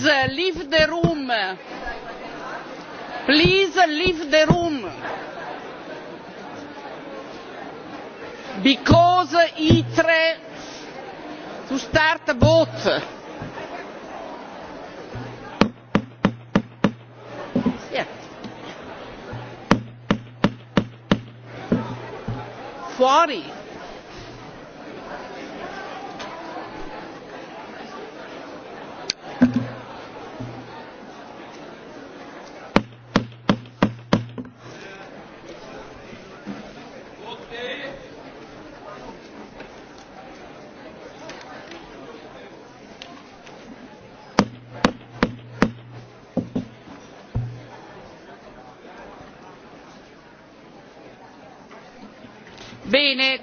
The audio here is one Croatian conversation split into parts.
please uh, leave the room please uh, leave the room because uh, itre to start a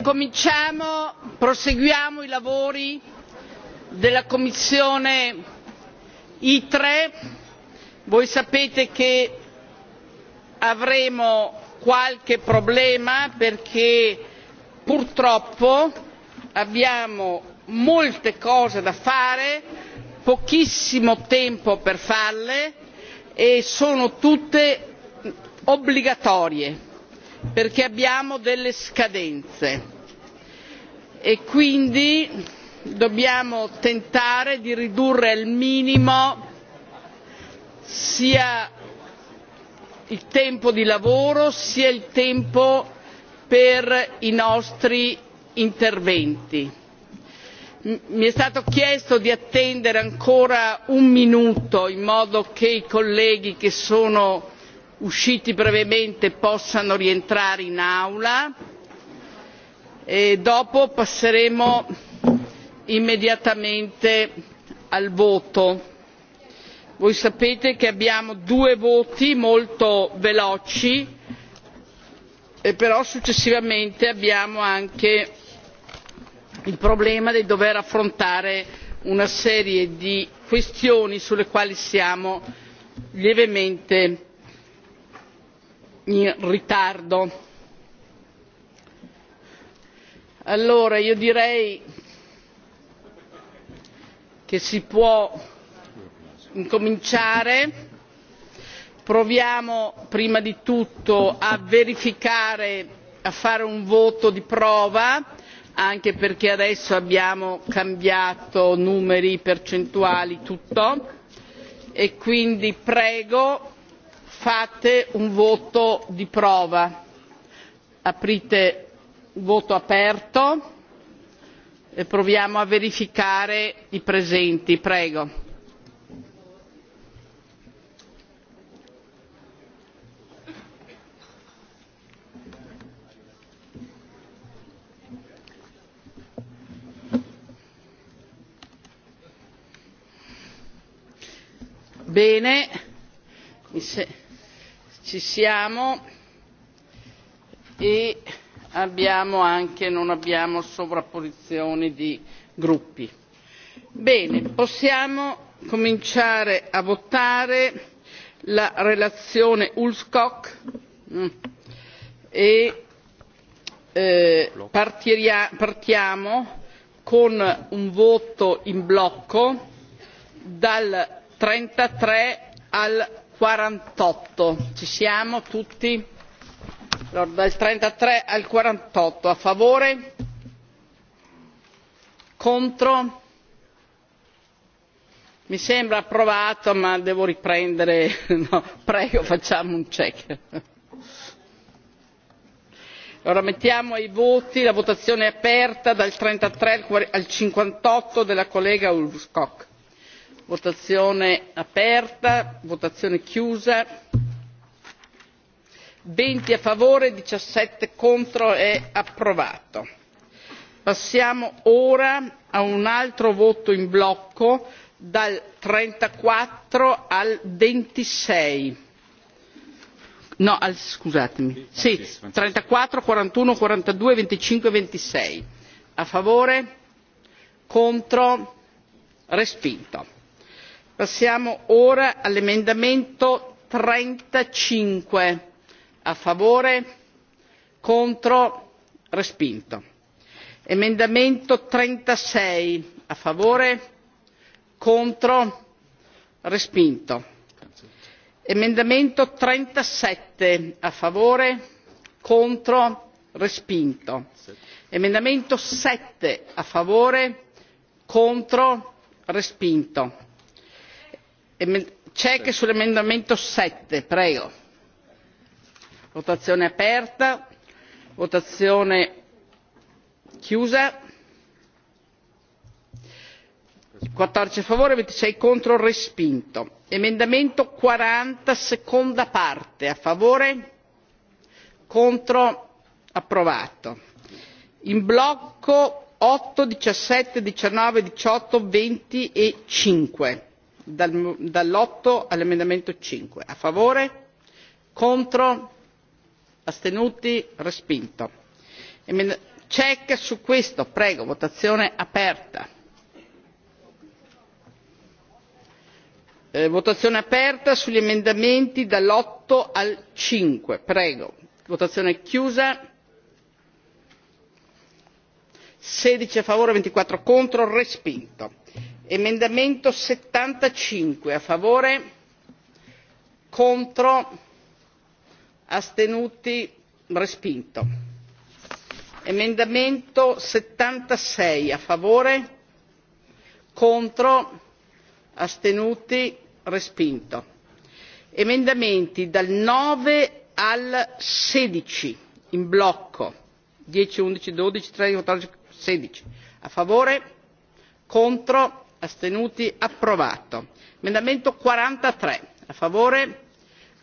cominciamo, proseguiamo i lavori della Commissione ITRE. Voi sapete che avremo qualche problema perché purtroppo abbiamo molte cose da fare, pochissimo tempo per farle e sono tutte obbligatorie perché abbiamo delle scadenze e quindi dobbiamo tentare di ridurre al minimo sia il tempo di lavoro sia il tempo per i nostri interventi. mi è stato chiesto di attendere ancora un minuto in modo che i colleghi che sono usciti brevemente possano rientrare in aula e dopo passeremo immediatamente al voto. voi sapete che abbiamo due voti molto veloci e però successivamente abbiamo anche il problema di dover affrontare una serie di questioni sulle quali siamo lievemente in ritardo allora io direi che si può incominciare proviamo prima di tutto a verificare a fare un voto di prova anche perché adesso abbiamo cambiato numeri percentuali tutto e quindi prego fate un voto di prova aprite voto aperto e proviamo a verificare i presenti prego bene ci siamo e abbiamo anche non abbiamo sovrapposizioni di gruppi. bene possiamo cominciare a votare la relazione ulvskog mm, e eh, partiamo con un voto in blocco dal trentatré al quarantotto ci siamo tutti? dal trentatré al quarantotto a favore? contro? mi sembra approvato ma devo riprendere no, prego facciamo un check. Ora, mettiamo ai voti la votazione è aperta dal trentatré al cinquantotto della collega ulvskog votazione aperta votazione chiusa venti a favore diciassette contro è approvato. passiamo ora a un altro voto in blocco dal trentaquattro al ventisei no scusatemi sì trentaquattro quarantuno quarantadue venticinque ventisei a favore contro respinto passiamo ora all'emendamento trentacinque a favore contro respinto emendamento trentasei a favore contro respinto emendamento trentasette a favore contro respinto emendamento sette a favore contro respinto e c'è che sull'emendamento 7 prego votazione aperta votazione chiusa 14. favore 26 contro respinto emendamento 40 seconda parte a favore contro approvato in blocco 8 17 19 18 20 e 5 dall'otto all'emendamento cinque a favore contro astenuti respinto check su questo prego votazione aperta eh, votazione aperta sugli emendamenti dall' otto al cinque prego votazione chiusa sedici a favore ventiquattro contro respinto emendamento settantacinque a favore contro astenuti respinto emendamento settantasei a favore contro astenuti respinto emendamenti dal nove al sedici in blocco dieci undici dodici tredici quattordici sedici a favore contro astenuti approvato emendamento quarantatré a favore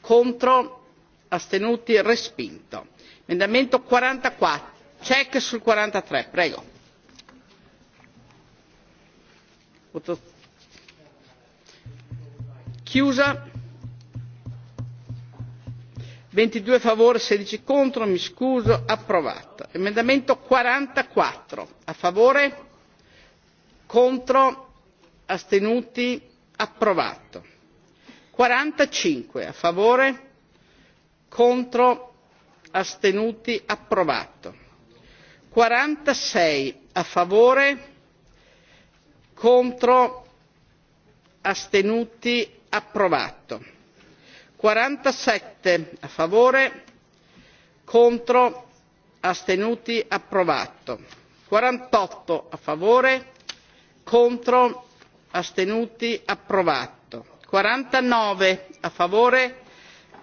contro astenuti respinto emendamento quarantaquattro check sul 43. prego chiusa ventidue a favore sedici contro mi scuso approvato emendamento quarantaquattro a favore contro astenuti approvato quarantacinque a favore contro astenuti approvato quarantasei a favore contro astenuti approvato quarantasette a favore contro astenuti approvato quarantotto a favore contro astenuti approvato quarantanove a favore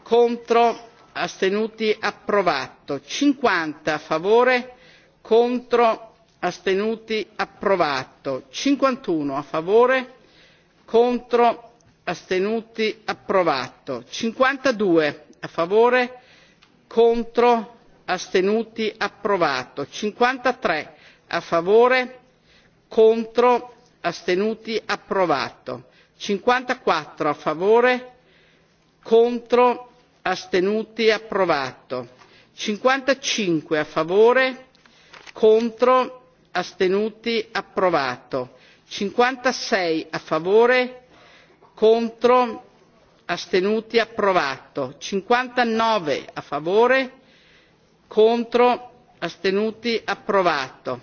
contro astenuti approvato cinquanta a favore contro astenuti approvato cinquantuno a favore contro astenuti approvato cinquantadue a favore contro astenuti approvato cinquantatré a favore contro astenuti approvato cinquantaquattro a favore contro astenuti approvato cinquantacinque a favore contro astenuti approvato cinquantasei a favore contro astenuti approvato cinquantanove a favore contro astenuti approvato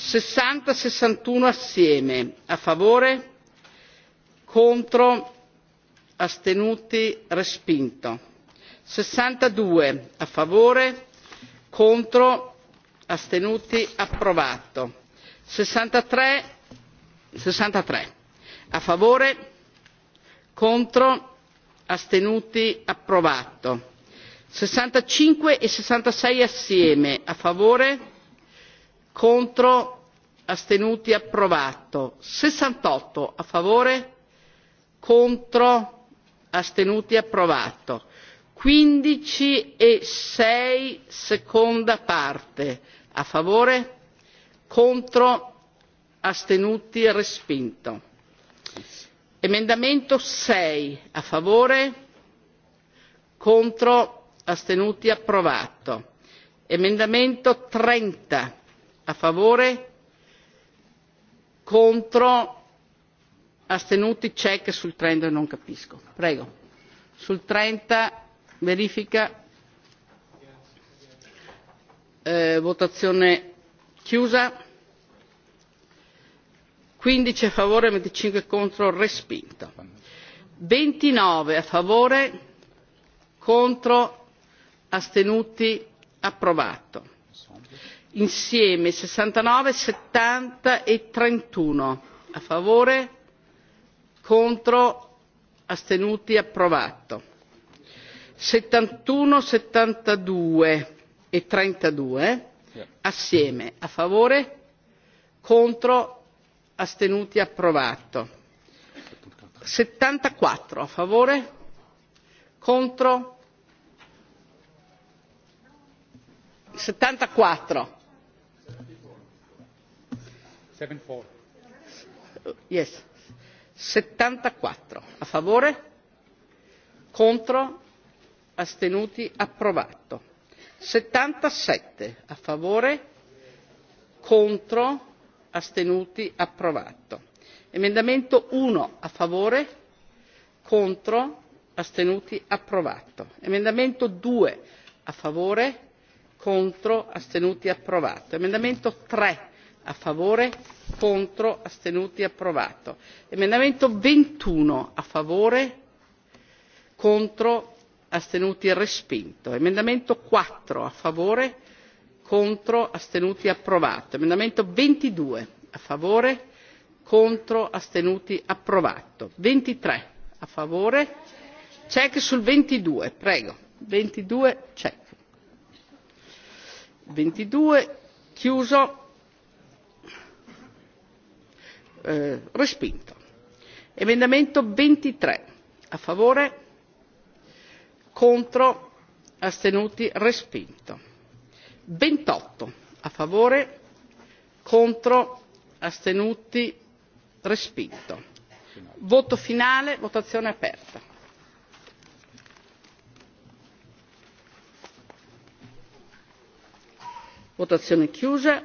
sessanta sessantuno assieme a favore contro astenuti respinto sessantadue a favore contro astenuti approvato sessantatré sessantatré a favore contro astenuti approvato sessantacinque e sessantasei assieme a favore contro astenuti approvato sessantotto a favore contro astenuti approvato quindici e sei seconda parte a favore contro astenuti respinto emendamento sei a favore contro astenuti approvato emendamento trenta a favore contro astenuti che sul trend non capisco prego sul 30 verifica eh, votazione chiusa 15 a favore 25 contro respinto 29 a favore contro astenuti approvato insieme sessantanove settanta e trentuno a favore contro astenuti approvato settantuno settantadue e trentadue assieme a favore contro astenuti approvato settantaquattro a favore contro settantaquattro Settantaquattro 74 a favore contro astenuti approvato 77 a favore contro astenuti approvato emendamento 1 a favore contro astenuti approvato emendamento 2 a favore contro astenuti approvato emendamento 3 a favore contro astenuti approvato emendamento ventiuno a favore contro astenuti respinto emendamento quattro a favore contro astenuti approvato emendamento ventidue a favore contro astenuti approvato ventitré a favore check sul ventidue prego ventidue check ventidue chiuso Eh, respinto emendamento ventitré a favore contro astenuti respinto ventotto a favore contro astenuti respinto voto finale votazione aperta votazione chiusa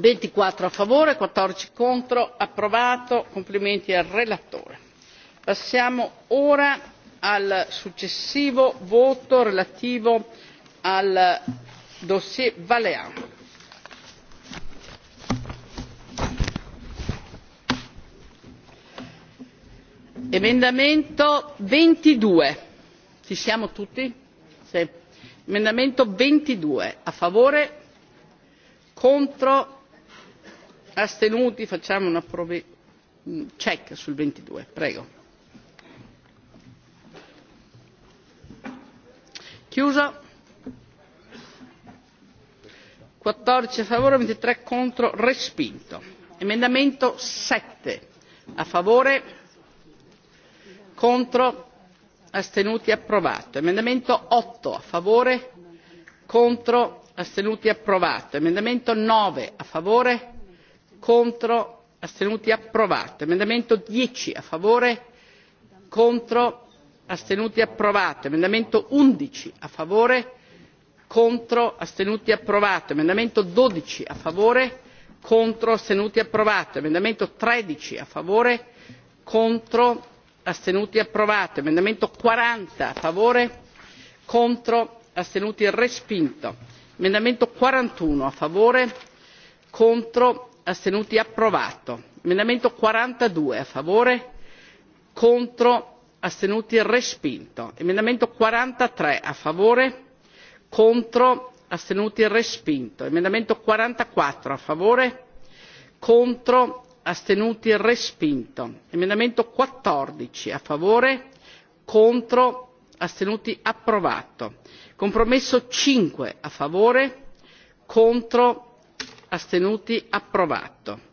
ventiquattro a favore quattordici contro approvato complimenti al relatore. passiamo ora al successivo voto relativo al dossier vlean. emendamento ventidue ci siamo tutti? emendamento ventidue a favore contro astenuti facciamo una check sul 22 prego chiuso 14 a favore 23 contro respinto emendamento 7 a favore contro astenuti approvato emendamento 8 a favore contro astenuti approvato emendamento 9 a favore contro astenuti approvato emendamento dieci a favore contro astenuti approvato emendamento undici a favore contro astenuti approvato emendamento dodici a favore contro astenuti approvato emendamento tredici a favore contro astenuti approvato emendamento quaranta a favore contro astenuti respinto emendamento quarantuno a favore contro astenuti approvato emendamento quarantadue a favore contro astenuti respinto emendamento quarantatré a favore contro astenuti respinto emendamento quarantaquattro a favore contro astenuti respinto emendamento quattordici a favore contro astenuti approvato compromesso cinque a favore contro astenuti approvato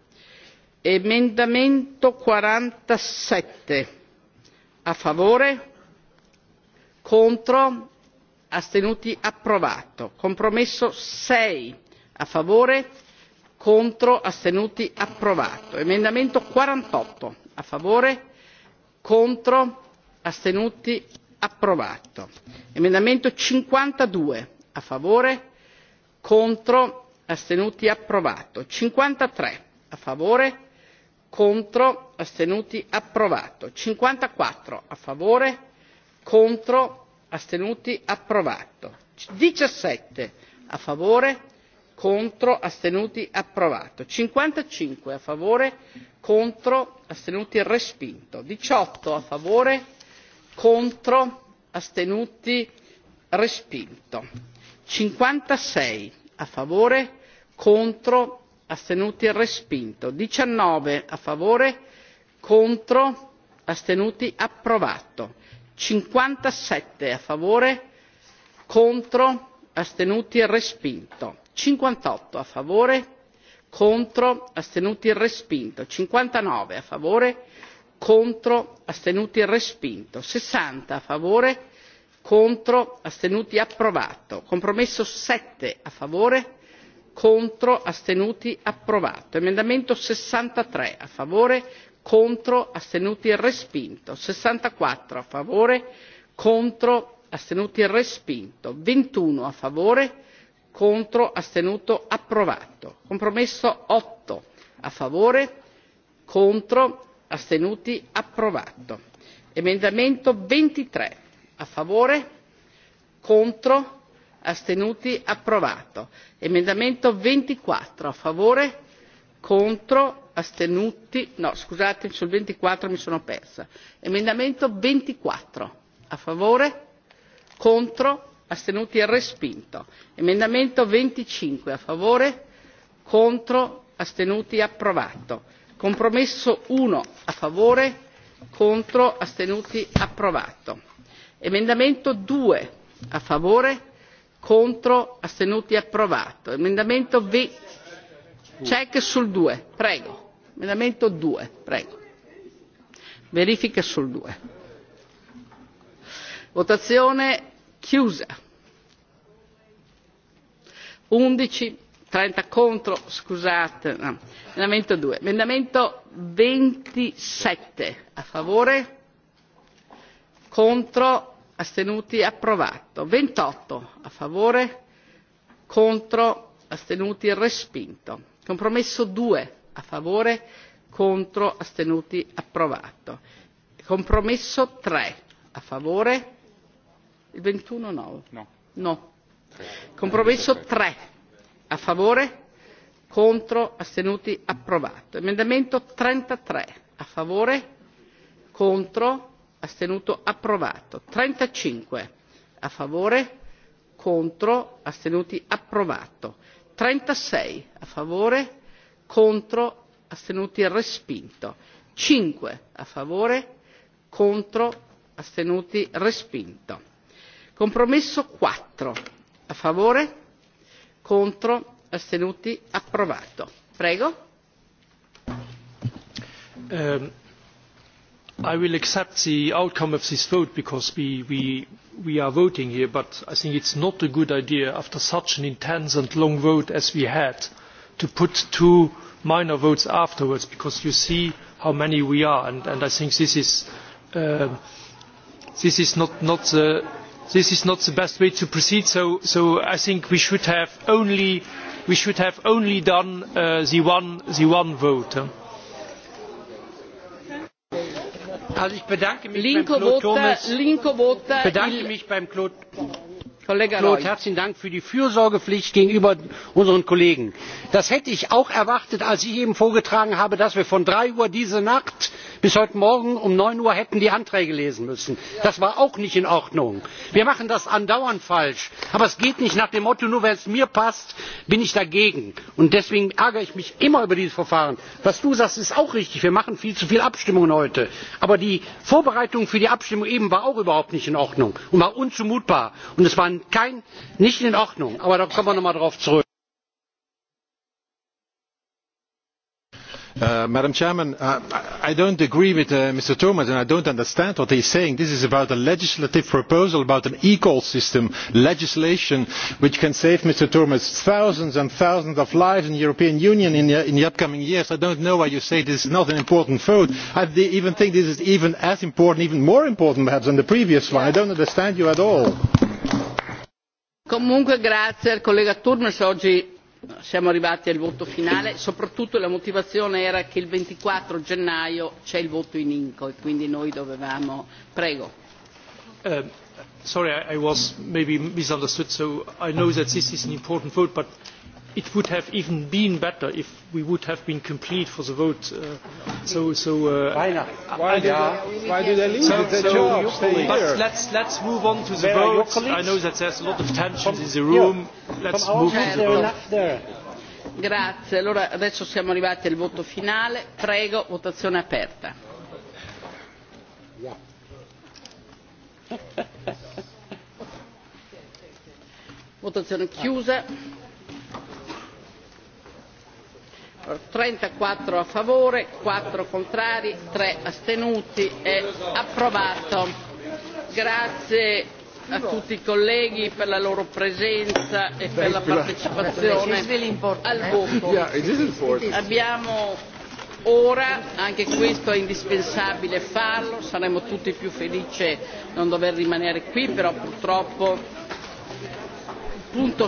emendamento quarantasette a favore contro astenuti approvato compromesso sei a favore contro astenuti approvato emendamento quarantotto a favore contro astenuti approvato emendamento cinquantadue a favore contro astenuti approvato cinquantatré a favore contro astenuti approvato cinquantaquattro a favore contro astenuti approvato diciassette a favore contro astenuti approvato cinquantacinque a favore contro astenuti respinto diciotto a favore contro astenuti respinto cinquantasei a favore contro astenuti e respinto diciannove a favore contro astenuti approvato cinquantasette a favore contro astenuti e respinto cinquantotto a favore contro astenuti e respinto cinquantanove a favore contro astenuti respinto sessanta a favore contro astenuti approvato compromesso sette a favore contro astenuti approvato emendamento sessantatré a favore contro astenuti respinto sessantaquattro a favore contro astenuti respinto ventiuno a favore contro astenuto approvato compromesso otto a favore contro astenuti approvato emendamento ventitré a favore contro astenuti approvato emendamento ventiquattro a favore contro astenuti no scusate sul ventiquattro mi sono persa emendamento ventiquattro a favore contro astenuti e respinto emendamento venticinque a favore contro astenuti e approvato compromesso uno a favore contro astenuti e approvato emendamento due a favore contro astenuti approvato emendamento v check sul due prego emendamento due prego verifica sul due votazione chiusa undici trenta contro scusate emendamento due emendamento ventisette a favore contro astenuti approvato ventotto a favore contro astenuti respinto compromesso due a favore contro astenuti approvato compromesso tre a favore il ventiuno no no compromesso tre a favore contro astenuti approvato emendamento trentatré a favore contro astenuto approvato trentacinque a favore contro astenuti approvato trentasei a favore contro astenuti respinto cinque a favore contro astenuti respinto compromesso quattro a favore contro astenuti approvato prego ehm, i will accept the outcome of this vote because we, we, we are voting here, but I think it's not a good idea after such an intense and long vote as we had to put two minor votes afterwards because you see how many we are and, I think this is, uh, this, is not, not the, this is not the best way to proceed so, so I think we should have only, we should have only done uh, the, one, the one vote. Also ich bedanke mich beim Claude Turmes, mich beim herzlichen Dank für die Fürsorgepflicht gegenüber unseren Kollegen. Das hätte ich auch erwartet, als ich eben vorgetragen habe, dass wir von drei Uhr diese Nacht bis heute morgen um neun uhr hätten die anträge lesen müssen. das war auch nicht in ordnung. wir machen das andauernd falsch aber es geht nicht nach dem motto nur weil es mir passt bin ich dagegen. und deswegen ärgere ich mich immer über dieses verfahren. was du sagst ist auch richtig wir machen viel zu viele abstimmungen heute. aber die vorbereitung für die abstimmung eben war auch überhaupt nicht in ordnung und war unzumutbar und es war kein, nicht in ordnung. aber da kommen wir noch mal darauf zurück. Uh, madam president uh, i do not agree with uh, mr turmes and i do not understand what he is saying. this is about a legislative proposal about an ecall system legislation which can save mr turmes thousands and thousands of lives in the european union in the, upcoming years. i do not know why you say this is not an important vote. i even think this is even as important even more important perhaps than the previous one. i do not understand you at all siamo arrivati al voto finale soprattutto la motivazione era che il ventiquattro gennaio c'è il voto in inco e quindi noi dovevamo prego eh, sorry i was maybe misunderstood so i know that this is an important vote but it would have even been better if we would have been complete for the vote. Uh, so, so uh, why not? Why, did, yeah. they, why did they leave? So, the so job, but let's let's move on to the Where vote. I know that there's a lot of tension in the room. Yeah. Let's from move to the vote. Grazie. Allora adesso siamo arrivati al voto finale. Prego, votazione aperta. Votazione chiusa trentaquattro a favore quattro contrari tre astenuti è approvato. grazie a tutti i colleghi per la loro presenza e per la partecipazione al eh. voto. abbiamo ora anche questo è indispensabile farlo saremo tutti più felici di non dover rimanere qui però purtroppo punto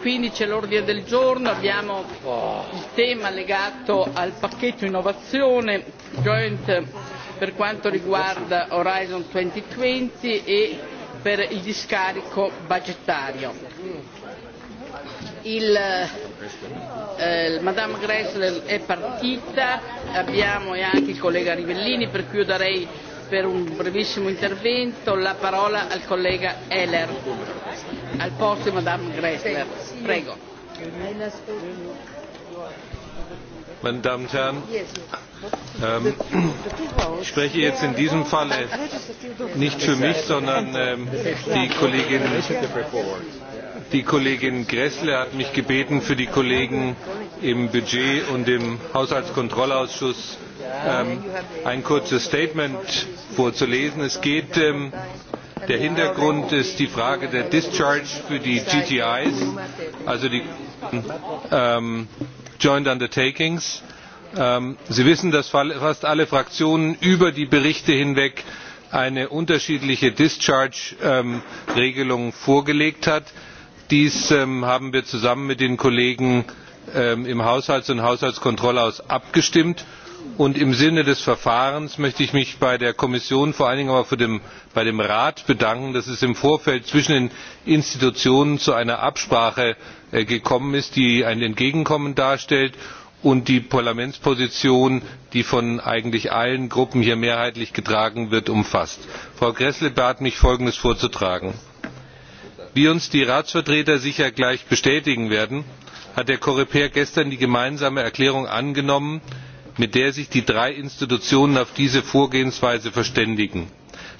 quindici, l'ordine del giorno abbiamo il tema legato al pacchetto innovazione joint per quanto riguarda Horizon 2020 e per il discarico budgetario. Eh, Madame Gressler è partita, abbiamo e anche il collega Rivellini per cui io darei per un brevissimo intervento la parola al collega Heller al posto di Madame Gressler. Prego. Meine Damen und Herren, ähm, ich spreche jetzt in diesem Falle nicht für mich, sondern ähm, die Kollegin die Kollegin Gressle hat mich gebeten, für die Kollegen im Budget und im Haushaltskontrollausschuss ähm, ein kurzes Statement vorzulesen. Es geht, ähm, der Hintergrund ist die Frage der Discharge für die GTIs, also die ähm, Joint Undertakings. Sie wissen, dass fast alle Fraktionen über die Berichte hinweg eine unterschiedliche Discharge Regelung vorgelegt hat. Dies haben wir zusammen mit den Kollegen Ähm, im haushalts und haushaltskontrollausschuss abgestimmt und im sinne des verfahrens möchte ich mich bei der kommission vor allen dingen aber auch bei dem rat bedanken dass es im vorfeld zwischen den institutionen zu einer absprache äh, gekommen ist die ein entgegenkommen darstellt und die parlamentsposition die von eigentlich allen gruppen hier mehrheitlich getragen wird umfasst. frau gräßle bat mich folgendes vorzutragen wie uns die ratsvertreter sicher gleich bestätigen werden hat der coreper gestern die gemeinsame erklärung angenommen mit der sich die drei institutionen auf diese vorgehensweise verständigen.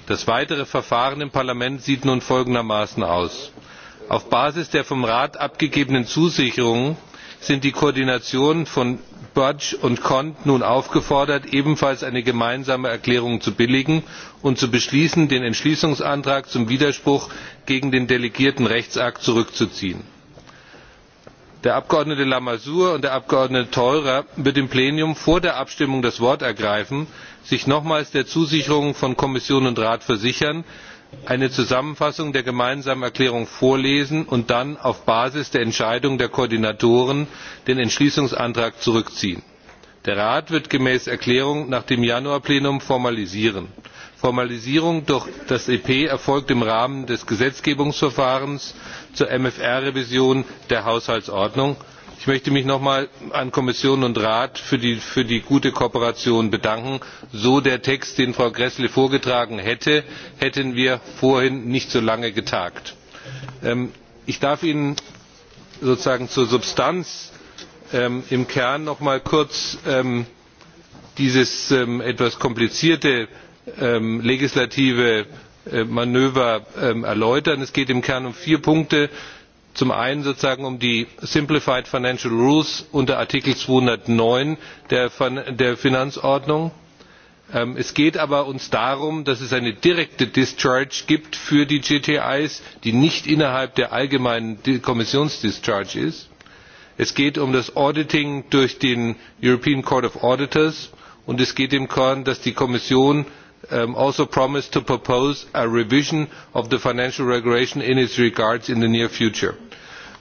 das weitere verfahren im parlament sieht nun folgendermaßen aus auf basis der vom rat abgegebenen zusicherungen sind die Koordinationen von budg und cont nun aufgefordert ebenfalls eine gemeinsame erklärung zu billigen und zu beschließen den entschließungsantrag zum widerspruch gegen den delegierten rechtsakt zurückzuziehen der abgeordnete lamassoure und der abgeordnete theurer wird im plenum vor der abstimmung das wort ergreifen sich nochmals der zusicherung von kommission und rat versichern eine zusammenfassung der gemeinsamen erklärung vorlesen und dann auf basis der entscheidung der koordinatoren den entschließungsantrag zurückziehen. der rat wird gemäß erklärung nach dem januar plenum formalisieren formalisierung durch das ep erfolgt im rahmen des gesetzgebungsverfahrens zur mfr revision der haushaltsordnung. ich möchte mich noch einmal bei kommission und rat für die gute kooperation bedanken. so der text den frau gräßle vorgetragen hätte hätten wir vorhin nicht so lange getagt. Ähm, ich darf ihnen sozusagen zur substanz ähm, im kern noch einmal kurz ähm, dieses etwas komplizierte Ähm, legislative äh, manöver ähm, erläutern. es geht im kern um vier punkte zum einen sozusagen um die simplified financial rules unter artikel zweihundertneun der finanzordnung. Ähm, es geht aber uns darum dass es eine direkte discharge gibt für die gtis die nicht innerhalb der allgemeinen kommissionsdischarge ist. es geht um das auditing durch den european court of auditors und es geht im kern darum dass die kommission Um, also promised to propose a revision of the financial regulation in its regards in the near future.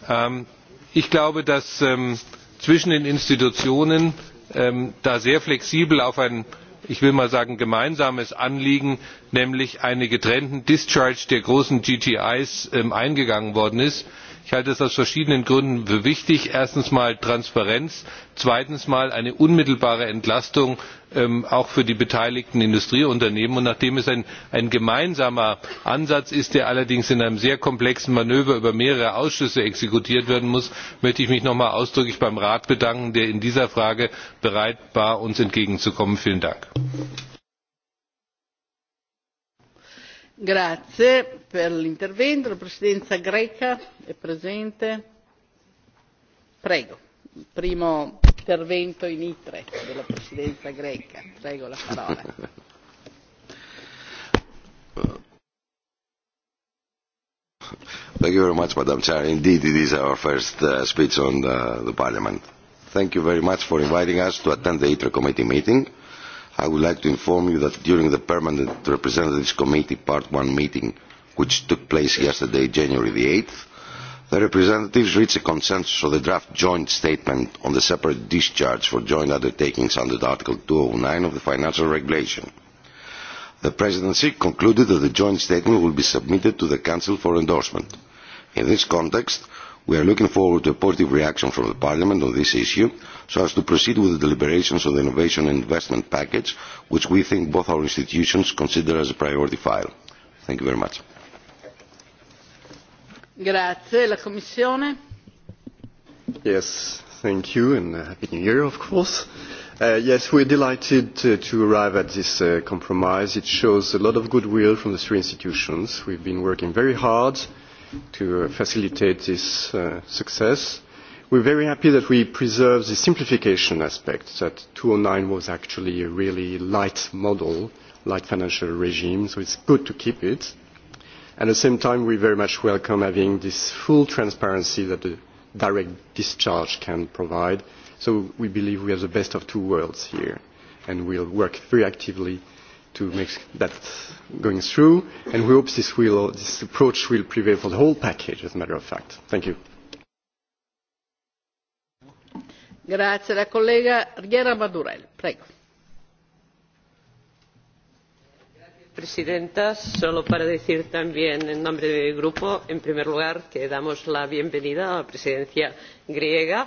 Um, ich glaube dass um, zwischen den institutionen da sehr flexibel auf ein ich will mal sagen gemeinsames anliegen nämlich eine getrennten discharge der großen gtis eingegangen worden ist. ich halte das aus verschiedenen gründen für wichtig erstens mal transparenz zweitens mal eine unmittelbare entlastung Ähm, auch für die beteiligten industrieunternehmen und nachdem es ein gemeinsamer ansatz ist der allerdings in einem sehr komplexen manöver über mehrere ausschüsse exekutiert werden muss möchte ich mich noch einmal ausdrücklich beim rat bedanken der in dieser frage bereit war uns entgegenzukommen. vielen dank! intervento in itre della presidenza greca. Prego la parola. Thank you very much, Madam Chair. Indeed, it is our first uh, speech on the, the Parliament. Thank you very much for inviting us to attend the ITRE committee meeting. I would like to inform you that during the Permanent Representatives Committee Part 1 meeting, which took place yesterday, January the 8th, The representatives reached a consensus on the draft joint statement on the separate discharge for joint undertakings under Article 209 of the Financial Regulation. The Presidency concluded that the joint statement will be submitted to the Council for endorsement. In this context, we are looking forward to a positive reaction from the Parliament on this issue so as to proceed with the deliberations on the Innovation and Investment Package, which we think both our institutions consider as a priority file. Thank you very much. La Commissione? Yes, thank you and uh, Happy New Year, of course. Uh, yes, we are delighted to, arrive at this uh, compromise. It shows a lot of goodwill from the three institutions. We've been working very hard to facilitate this success. We're very happy that we preserve the simplification aspect, that oh nine was actually a really light model, light financial regime, so it's good to keep it. At the same time, we very much welcome having this full transparency that the direct discharge can provide. So we believe we have the best of two worlds here, and will work very actively to make that going through. And we hope this, will, this approach will prevail for the whole package, as a matter of fact. Thank you. Grazie, la collega Riera Prego. presidenta solo para decir también en nombre de mi grupo en primer lugar que damos la bienvenida a la presidencia griega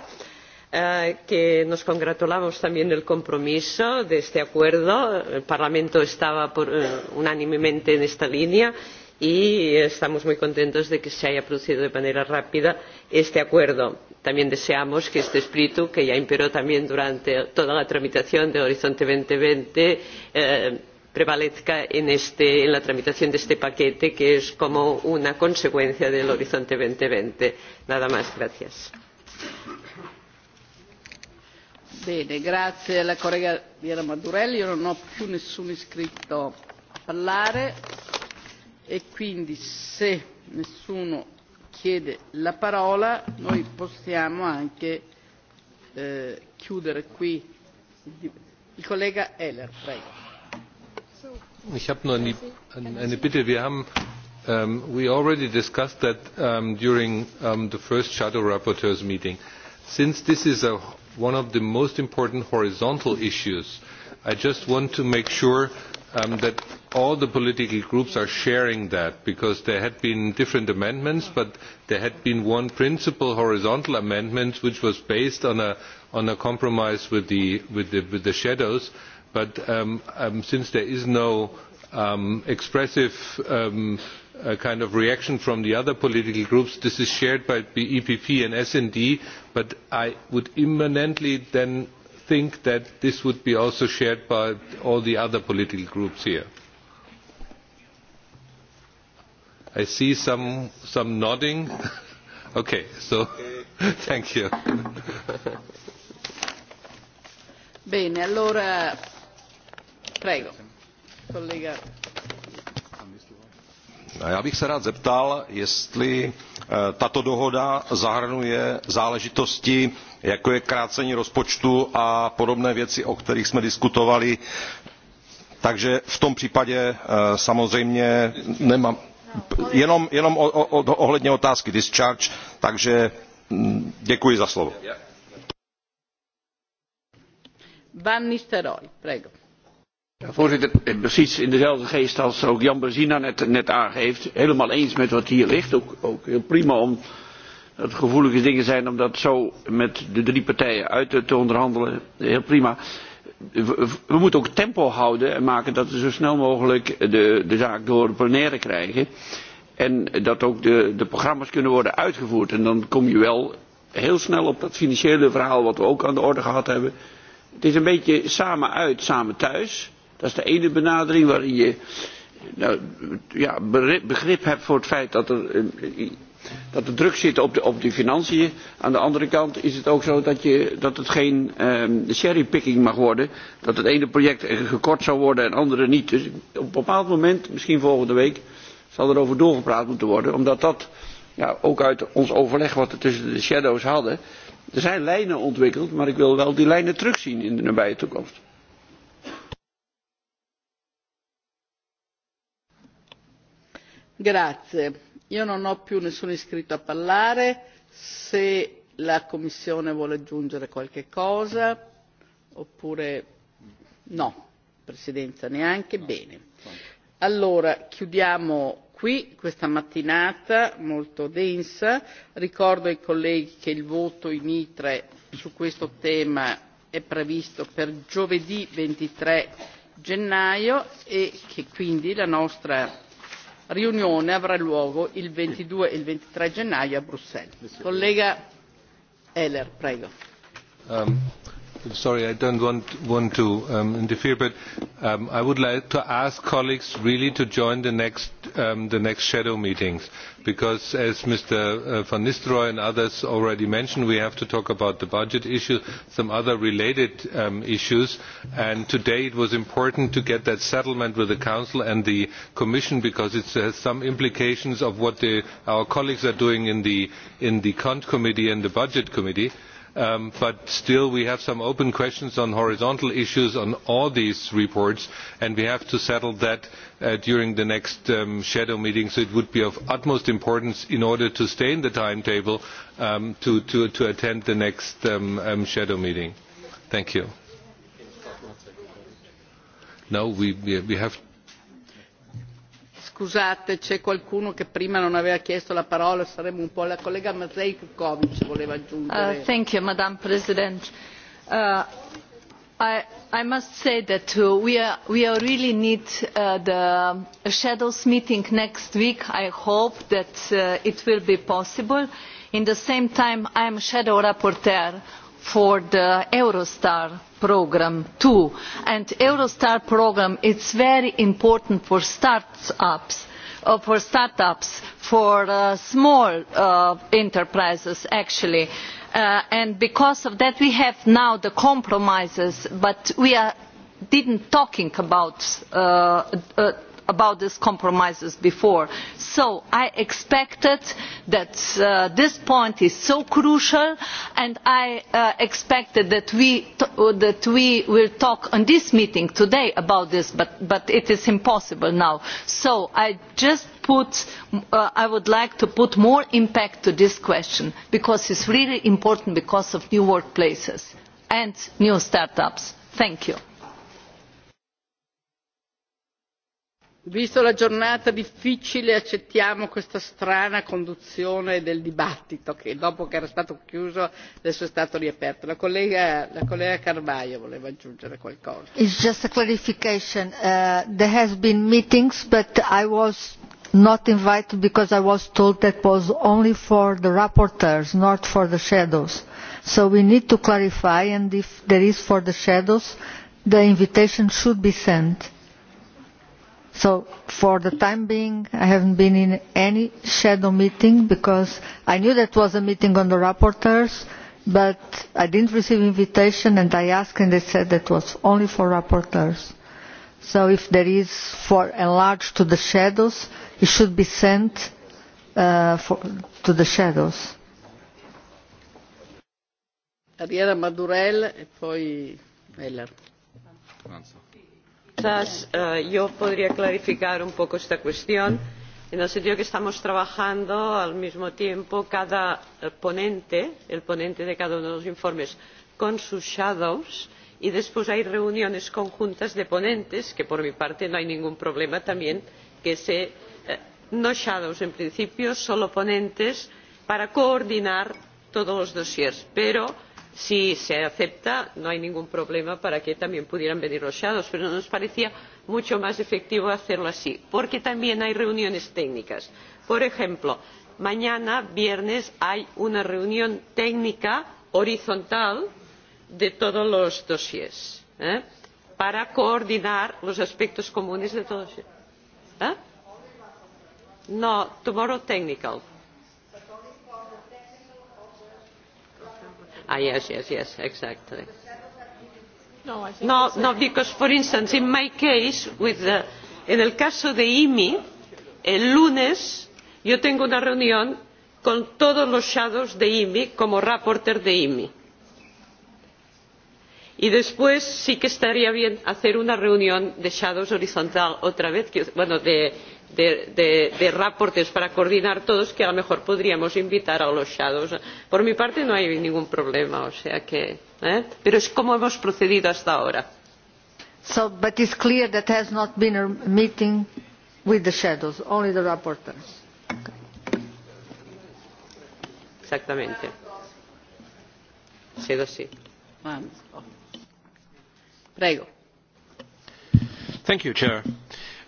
eh, que nos congratulamos también del compromiso de este acuerdo el parlamento estaba eh, unánimemente en esta línea y estamos muy contentos de que se haya producido de manera rápida este acuerdo. también deseamos que este espíritu que ya imperó también durante toda la tramitación de horizonte dos mil veinte eh, prevalezca en, la tramitazione de este paquete que es como una consecuencia del horizonte. dos nada más. gracias. Bene, grazie alla collega Viera Madurelli. Io non ho più nessuno iscritto a parlare e quindi se nessuno chiede la parola noi possiamo anche eh, chiudere qui il collega Heller. Prego ich habe nur eine, bitte wir haben ähm, we already discussed that um, during um, the first shadow rapporteurs meeting since this is one of the most important horizontal issues i just want to make sure um, that all the political groups are sharing that because there had been different amendments but there had been one principal horizontal amendment which was based on a, on a compromise with the, with the shadows but um, um, since there is no um, expressive uh, kind of reaction from the other political groups this is shared by the epp and sd but i would imminently then think that this would be also shared by all the other political groups here. I see some nodding. okay, so thank you. Já bych se rád zeptal, jestli eh, tato dohoda zahrnuje záležitosti, jako je krácení rozpočtu a podobné věci, o kterých jsme diskutovali. Takže v tom případě eh, samozřejmě nemám jenom, jenom o, ohledně otázky discharge, takže hm, děkuji za slovo. Van Nisteroj, prego voorzitter, eh, precies in dezelfde geest als ook Jan Bezina net, aangeeft. Helemaal eens met wat hier ligt. Ook, heel prima om dat het gevoelige dingen zijn om dat zo met de drie partijen uit te onderhandelen. Heel prima. We, moeten ook tempo houden en maken dat we zo snel mogelijk de, zaak door de plenaire krijgen. En dat ook de, de programma's kunnen worden uitgevoerd. En dan kom je wel heel snel op dat financiële verhaal wat we ook aan de orde gehad hebben. Het is een beetje samen uit, samen thuis. Dat is de ene benadering waarin je nou, ja, begrip hebt voor het feit dat er, dat er druk zit op de, op de financiën. Aan de andere kant is het ook zo dat, je, dat het geen um, cherrypicking mag worden. Dat het ene project gekort zou worden en andere niet. Dus op een bepaald moment, misschien volgende week, zal er over doorgepraat moeten worden. Omdat dat ja, ook uit ons overleg wat we er tussen de shadows hadden. Er zijn lijnen ontwikkeld, maar ik wil wel die lijnen terugzien in de nabije toekomst. grazie io non ho più nessuno iscritto a parlare se la commissione vuole aggiungere qualche cosa oppure no presidenza neanche bene allora chiudiamo qui questa mattinata molto densa ricordo ai colleghi che il voto in itre su questo tema è previsto per giovedì ventitré gennaio e che quindi la nostra riunione avrà luogo il ventidue e il ventitré gennaio a bruxelles sorry, I do not want to um, interfere, but um, I would like to ask colleagues really to join the next, um, shadow meetings, because as Mr. Uh, Van nistelrooij and others already mentioned, we have to talk about the budget issue, some other related issues, and today it was important to get that settlement with the Council and the Commission, because it has some implications of what our colleagues are doing in the, in the Cont Committee and the Budget Committee Um, but still we have some open questions on horizontal issues on all these reports and we have to settle that uh, during the next um, shadow meeting so it would be of utmost importance in order to stay in the timetable um, to, attend the next shadow meeting. Thank you. No, we have scusate c'è qualcuno che prima non aveva chiesto la parola saremo un po' la collega mazej kukovi voleva aggiungere. Uh, thank you madam president uh, i, i must say that uh, we, we really need uh, the shadows meeting next week i hope that it will be possible in the same time i am shadow rapporteur for the eurostar programme too and the eurostar programme is very important for start ups uh, for for uh, small uh, enterprises actually and because of that we have now the compromises but we did not talk about about these compromises before so i expected that uh, this point is so crucial and i uh, expected that we, will talk on this meeting today about this but, it is impossible now so i just put uh, i would like to put more impact to this question because it is really important because of new workplaces and new start ups. thank you. visto la giornata difficile accettiamo questa strana conduzione del dibattito che dopo che era stato chiuso adesso è stato riaperto. la collega, la collega carvalho voleva aggiungere qualcosa. it's just a clarification uh, there has been meetings but i was not invited because i was told that was only for the rapporteurs not for the shadows so we need to clarify and if there is for the shadows the invitation should be sent so for the time being i haven't been in any shadow meeting because i knew that was a meeting on the rapporteurs but i didn't receive invitation and i asked and they said that was only for rapporteurs so if there is for enlarged to the shadows it should be sent uh, to the shadows Madurell e poi Eh, yo podría clarificar un poco esta cuestión en el sentido de que estamos trabajando al mismo tiempo cada eh, ponente el ponente de cada uno de los informes con sus ponentes y después hay reuniones conjuntas de ponentes que por mi parte no hay ningún problema también que se eh, no ponentes en principio solo ponentes para coordinar todos los dosieres pero si se acepta no hay ningún problema para que también pudieran venir los ponentes alternativos pero nos parecía mucho más efectivo hacerlo así porque también hay reuniones técnicas. por ejemplo mañana viernes hay una reunión técnica horizontal de todos los dosieres ¿eh? para coordinar los aspectos comunes de todos ellos. ¿Eh? no tomorrow technical. Ah, yes, yes, yes, exactly. No, no, no, uh, because, for instance, in my case, with the, uh, en el caso de IMI, el lunes yo tengo una reunión con todos los shadows de IMI como rapporteur de IMI y después sí que estaría bien hacer una reunión de ponentes horizontal otra vez bueno de de, para coordinar todos que a lo mejor podríamos invitar a los ponentes por mi parte no hay ningún problema o sea que ¿eh? pero es como hemos procedido hasta ahora so but is clear that has not been a meeting with the shadows only the rapporteurs exactamente sí,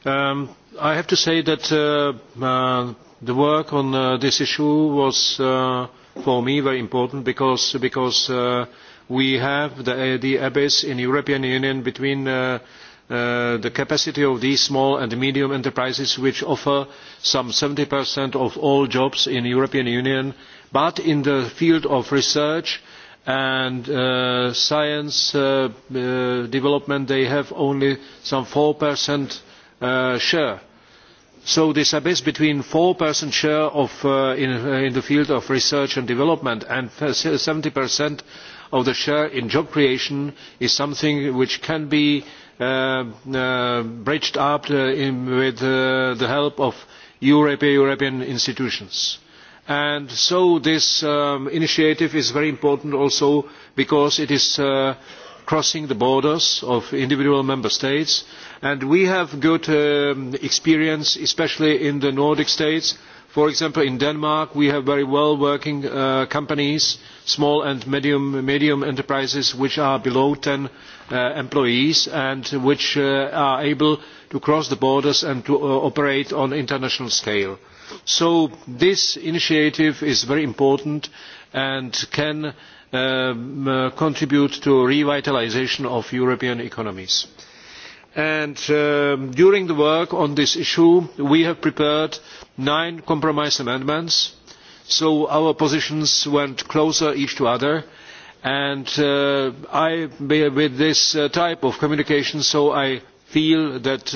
Um, I have to say that uh, uh, the work on uh, this issue was for me very important because, we have the, the abyss in the European Union between the capacity of these small and medium enterprises which offer some 70% of all jobs in the European Union, but in the field of research and uh, science uh, uh, development they have only some 4% share so this abyss between 4% share of in, the field of research and development and 70% of the share in job creation is something which can be bridged up with the help of Europe, European institutions and so this um, initiative is very important also because it is uh, crossing the borders of individual member states and we have good um, experience especially in the nordic states for example in denmark we have very well working uh, companies small and medium, medium enterprises which are below 10 uh, employees and which are able to cross the borders and to operate on an international scale so this initiative is very important and can um, uh, contribute to revitalisation of european economies. Um, during the work on this issue we have prepared nine compromise amendments so our positions went closer each to other and uh, with this uh, type of communication so i feel that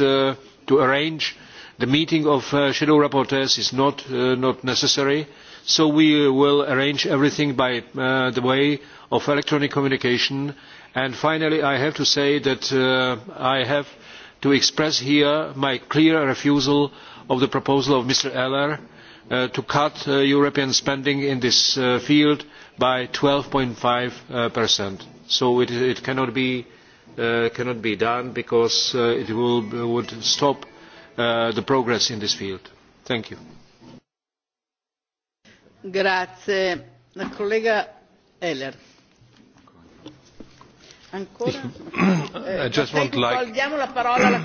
to arrange the meeting of uh, shadow rapporteurs is uh, not, necessary so we will arrange everything by uh, the way of electronic communication and finally i have to say that i have to express here my clear refusal of the proposal of mr ehler to cut european spending in this field by. twelve five so it, cannot, be, done because it would stop Uh, the progress in this field. Thank you. parola e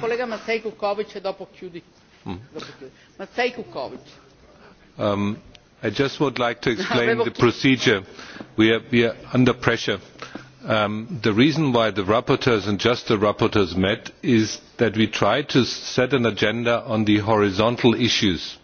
mm. um, I just would like to explain the procedure. we are under pressure Um, the reason why the rapporteurs and just the rapporteurs met is that we tried to set an agenda on the horizontal issues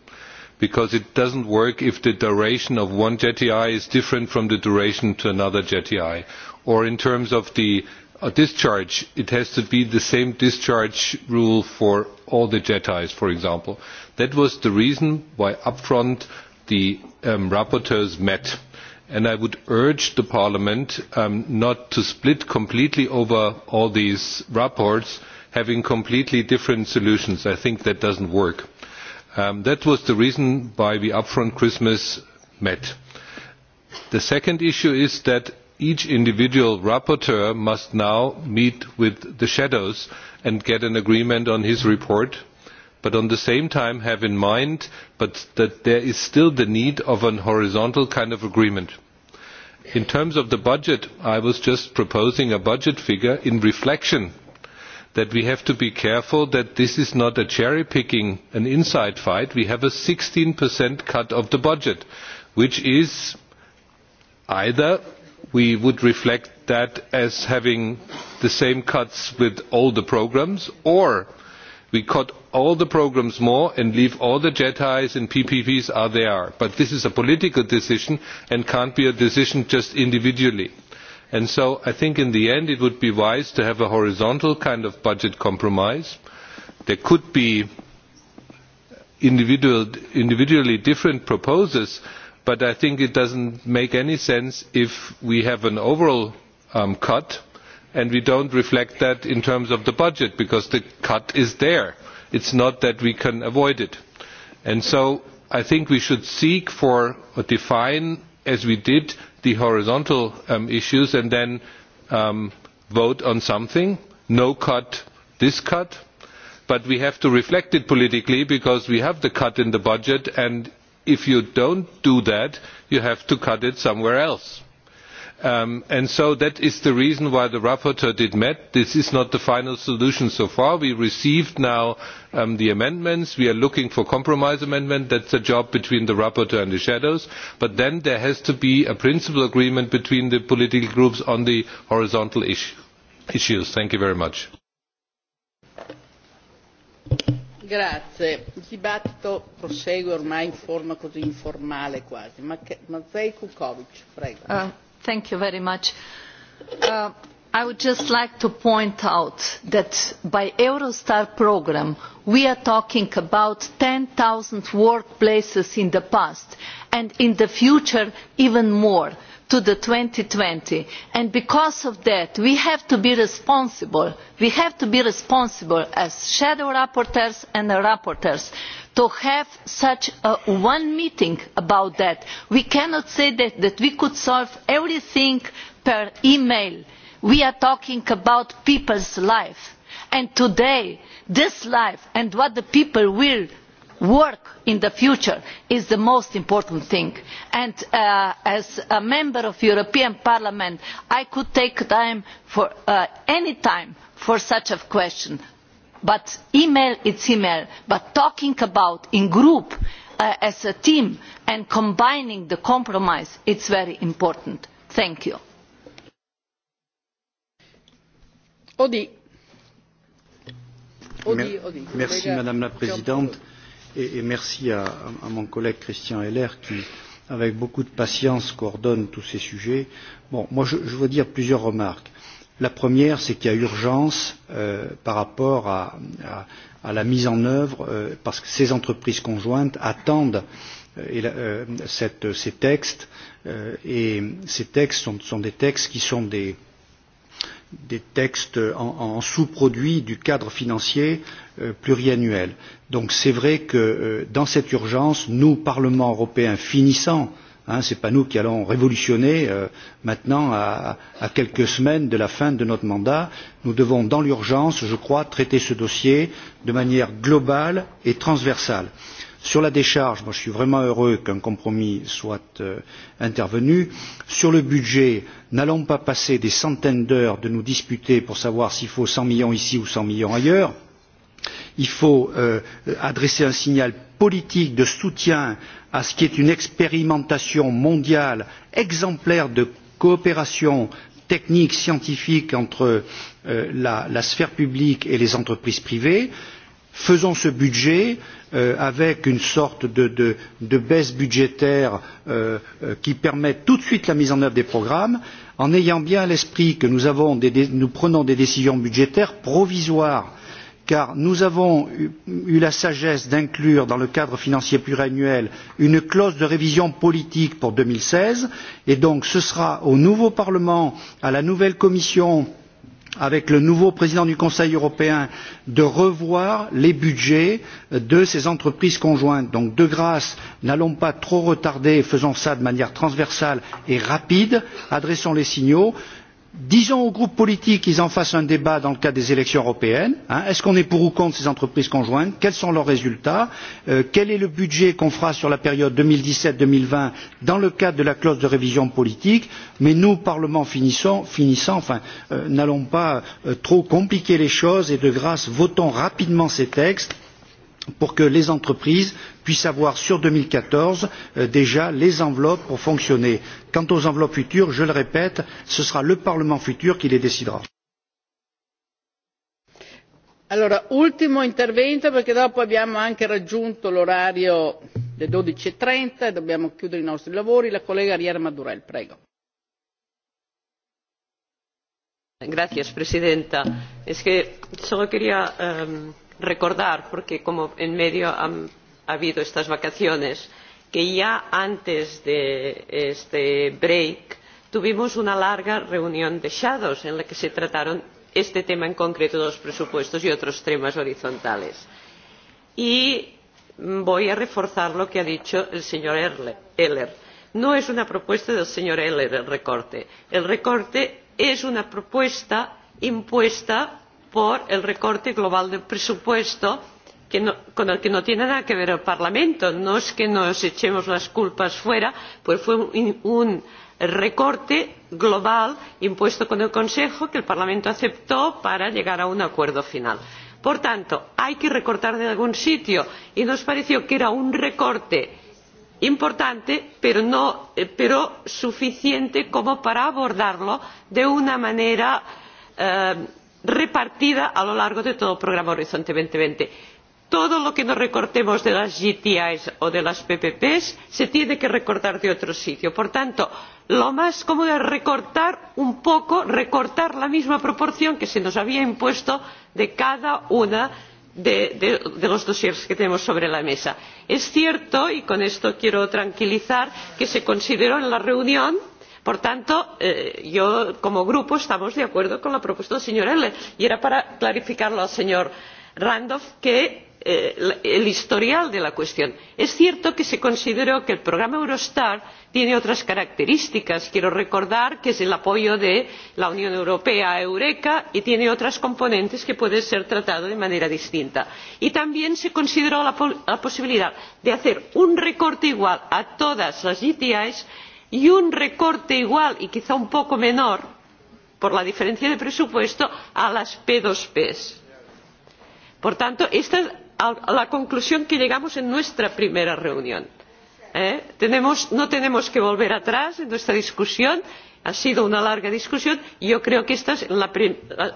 because it does not work if the duration of one jti e is different from the duration to another jti e or in terms of the uh, discharge it has to be the same discharge rule for all the jetis for example. that was the reason why up front the um, rapporteurs met and i would urge the parliament um, not to split completely over all these reports having completely different solutions. i think that does not work. Um, that was the reason why we upfront christmas met. the second issue is that each individual rapporteur must now meet with the shadows and get an agreement on his report but at the same time have in mind but that there is still the need of a horizontal kind of agreement. in terms of the budget i was just proposing a budget figure in reflection that we have to be careful that this is not a cherry picking an inside fight we have a 16% cut of the budget which is either we would reflect that as having the same cuts with all the programmes or we cut all the programmes more and leave all the JETIs and PPPs as they are. But this is a political decision and cannot be a decision just individually. so I think in the end it would be wise to have a horizontal kind of budget compromise. There could be individually different proposals, but I think it doesn't make any sense if we have an overall um, cut and we do not reflect that in terms of the budget because the cut is there. it is not that we can avoid it. And so i think we should seek for or define as we did the horizontal um, issues and then um, vote on something no cut this cut but we have to reflect it politically because we have the cut in the budget and if you do not do that you have to cut it somewhere else Um, and so that is the reason why the rapporteur did met. This is not the final solution so far. We received now um, the amendments. We are looking for compromise amendment. is a job between the rapporteur and the shadows. But then there has to be a principal agreement between the political groups on the horizontal issue, issues. Thank you very much. Grazie. Il dibattito prosegue ormai in forma così informale quasi. Ma, Kukovic, prego. Ah, Thank you very much. Uh, I would just like to point out that by Eurostar programme we are talking about 10,000 workplaces in the past and in the future even more to the 2020 and because of that we have to be responsible we have to be responsible as shadow rapporteurs and rapporteurs to have such a one meeting about that we cannot say that, that we could solve everything per email we are talking about people's life and today this life and what the people will work in the future is the most important thing and uh, as a member of the european parliament i could take time for, uh, any time for such a question but email is email but talking about in group uh, as a team and combining the compromise is very important. thank you. madame la présidente et, merci à, mon collègue Christian Heller qui, avec beaucoup de patience, coordonne tous ces sujets. Bon, moi, je, je veux dire plusieurs remarques. La première, c'est qu'il y a urgence euh, par rapport à, à, la mise en œuvre, euh, parce que ces entreprises conjointes attendent euh, cette, ces textes, et ces textes sont des textes qui sont des des textes en, sous-produits du cadre financier euh, pluriannuel. Donc c'est vrai que euh, dans cette urgence, nous, Parlement européen, finissant, hein, ce n'est pas nous qui allons révolutionner euh, maintenant à, à quelques semaines de la fin de notre mandat, nous devons dans l'urgence, je crois, traiter ce dossier de manière globale et transversale Sur la décharge, moi, je suis vraiment heureux qu'un compromis soit euh, intervenu. Sur le budget, n'allons pas passer des centaines d'heures de nous disputer pour savoir s'il faut 100 millions ici ou 100 millions ailleurs. Il faut euh, adresser un signal politique de soutien à ce qui est une expérimentation mondiale exemplaire de coopération technique scientifique entre euh, la, la sphère publique et les entreprises privées. Faisons ce budget Euh, avec une sorte de, baisse budgétaire euh, euh, qui permette tout de suite la mise en œuvre des programmes en ayant bien à l'esprit que nous, nous prenons des décisions budgétaires provisoires car nous avons eu la sagesse d'inclure dans le cadre financier pluriannuel une clause de révision politique pour deux mille seize et donc ce sera au nouveau parlement à la nouvelle commission avec le nouveau président du conseil européen de revoir les budgets de ces entreprises conjointes. donc de grâce n'allons pas trop retarder faisons cela de manière transversale et rapide adressons les signaux disons aux groupes politiques qu'ils en fassent un débat dans le cadre des élections européennes est ce qu'on est pour ou contre ces entreprises conjointes quels sont leurs résultats euh, quel est le budget qu'on fera sur la période deux mille dix sept deux mille vingt dans le cadre de la clause de révision politique mais nous parlement finissant euh, n'allons pas euh, trop compliquer les choses et de grâce votons rapidement ces textes pour que les entreprises puissent avoir sur 2014 euh, déjà les enveloppes pour fonctionner. quant aux enveloppes futures je le répète ce sera le parlement futur qui les décidera. Allora, ultimo intervento perché dopo abbiamo anche raggiunto l'orario delle 1230 e dobbiamo chiudere i nostri lavori la collega riera madurell prego. Gracias, presidenta es que solo quería ehm, recordar porque como en medio ha habido estas vacaciones que ya antes de este break tuvimos una larga reunión de ponentes en la que se trataron este tema en concreto de los presupuestos y otros temas horizontales. y voy a reforzar lo que ha dicho el señor ehler no es una propuesta del señor ehler el recorte el recorte es una propuesta impuesta por el recorte global del presupuesto con el que no tiene nada que ver el parlamento no es que nos echemos las culpas fuera pues fue un, recorte global impuesto con el consejo que el parlamento aceptó para llegar a un acuerdo final. por tanto hay que recortar de algún sitio y nos pareció que era un recorte importante pero, no, eh, pero suficiente como para abordarlo de una manera eh, repartida a lo largo de todo el programa horizonte. dos mil veinte todo lo que nos recortemos de las jti o de las ppp se tiene que recortar de otro sitio. por tanto lo más cómodo es recortar un poco recortar la misma proporción que se nos había impuesto de cada uno de, los dosieres que tenemos sobre la mesa. es cierto y con esto quiero tranquilizar que se consideró en la reunión por tanto eh, yo como grupo estamos de acuerdo con la propuesta del señor ehler y era para clarificarlo al señor randolph que eh, el historial de la cuestión es cierto que se consideró que el programa eurostar tiene otras características quiero recordar que es el apoyo de la unión europea a eureka y tiene otras componentes que pueden ser tratadas de manera distinta y también se consideró la, posibilidad de hacer un recorte igual a todas las itis y un recorte igual y quizá un poco menor por la diferencia de presupuesto a las p dos p. por tanto esta es la conclusión que llegamos en nuestra primera reunión. ¿eh? no tenemos que volver atrás en nuestra discusión ha sido una larga discusión y yo creo que estas son la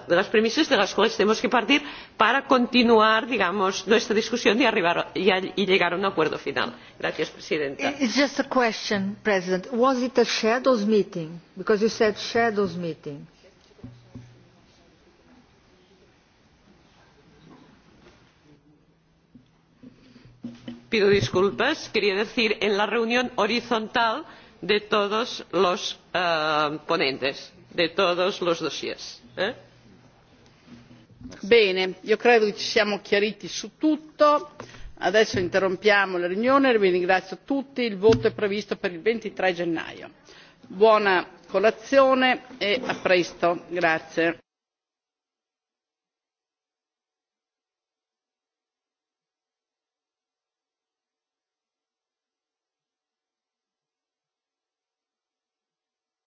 las premisas de las cuales tenemos que partir para continuar digamos nuestra discusión y, arribar, y llegar a un acuerdo final. Gracias, presidenta. It's just a question, President. Was it a shadows meeting? Because you said shadows meeting. Pido disculpas. Quería decir en la reunión horizontal de todos los eh, ponentes de todos los dossiers. Eh? bene io credo che ci siamo chiariti su tutto adesso interrompiamo la riunione vi ringrazio tutti il voto è previsto per il ventitré gennaio. buona colazione e a presto grazie.